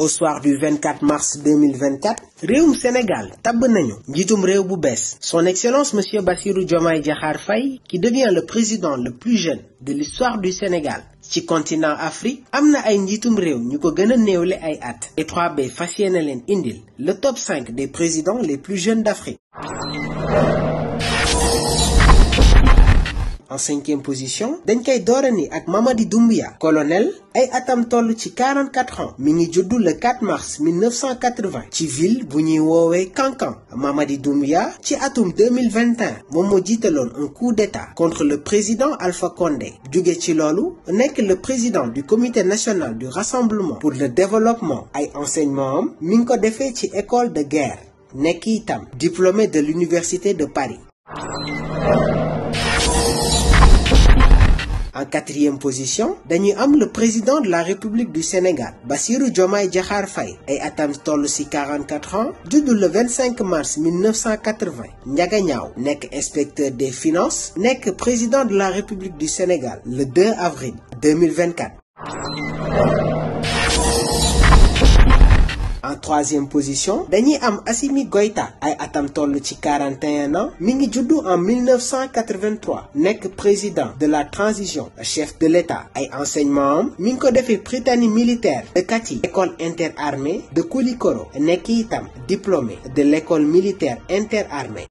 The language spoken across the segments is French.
au soir du 24 mars 2024 Réum Sénégal tabb nañu njiitum Boubès, son excellence monsieur Bassirou Diomaye Diakhar Faye qui devient le président le plus jeune de l'histoire du Sénégal si continent Afrique Amna un ay njitum réew ñuko gëna et ay at E3B indil le top 5 des présidents les plus jeunes d'Afrique en cinquième position Denkei Dorani ak Mamadi Doumbia, colonel ay atam tolu, 44 ans Mingi le 4 mars 1980 ci ville Kankan Mamadi Doumbia, ci atum 2021 dit un coup d'état contre le président Alpha Condé jóge ci que le président du comité national du rassemblement pour le développement et enseignement minko école de guerre Neki diplômé de l'université de Paris En quatrième position nous am le président de la République du Sénégal Bassirou Diomaye Djakhar Faye et atam de 44 ans du le 25 mars 1980 Ndiaga nek inspecteur des finances que président de la République du Sénégal le 2 avril 2024 en troisième position dañuy am Assimi Goïta ay atam ci 41 ans Mingi Judou en 1983 Nek président de la transition chef de l'État et enseignement Minko mi militaire de Kati école interarmée de Koulikoro Neki, itam diplômé de l'école militaire interarmée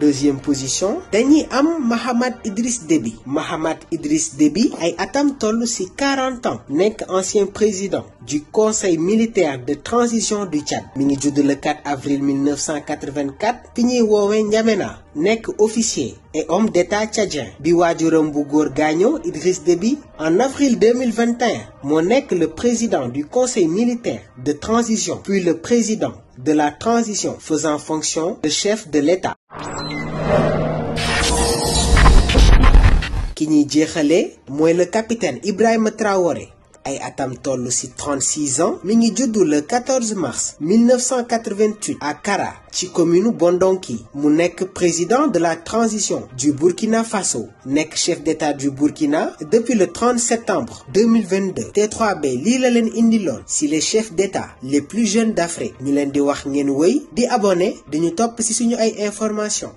deuxième position Dany am Mahamad Idriss Deby. Mahamad Idriss Deby a atam 40 ans ancien président du conseil militaire de transition du Tchad Mini le 4 avril 1984 fi Warren Yamena, N'Djamena officier et homme d'État tchadien Biwa waajuram Gagnon Idriss Déby en avril 2021 monèque le président du conseil militaire de transition puis le président de la transition faisant fonction de chef de l'État Kini le capitaine Ibrahim Traoré ay atam Tolosi 36 ans mi ngi le 14 mars 1988 à Kara ci commune Bondonki mu nek président de la transition du Burkina Faso nek chef d'état du Burkina depuis le 30 septembre 2022 T3B li la si les chefs d'état les plus jeunes d'Afrique ñu len di wax ngeen wéy di abonné ñu top ci suñu information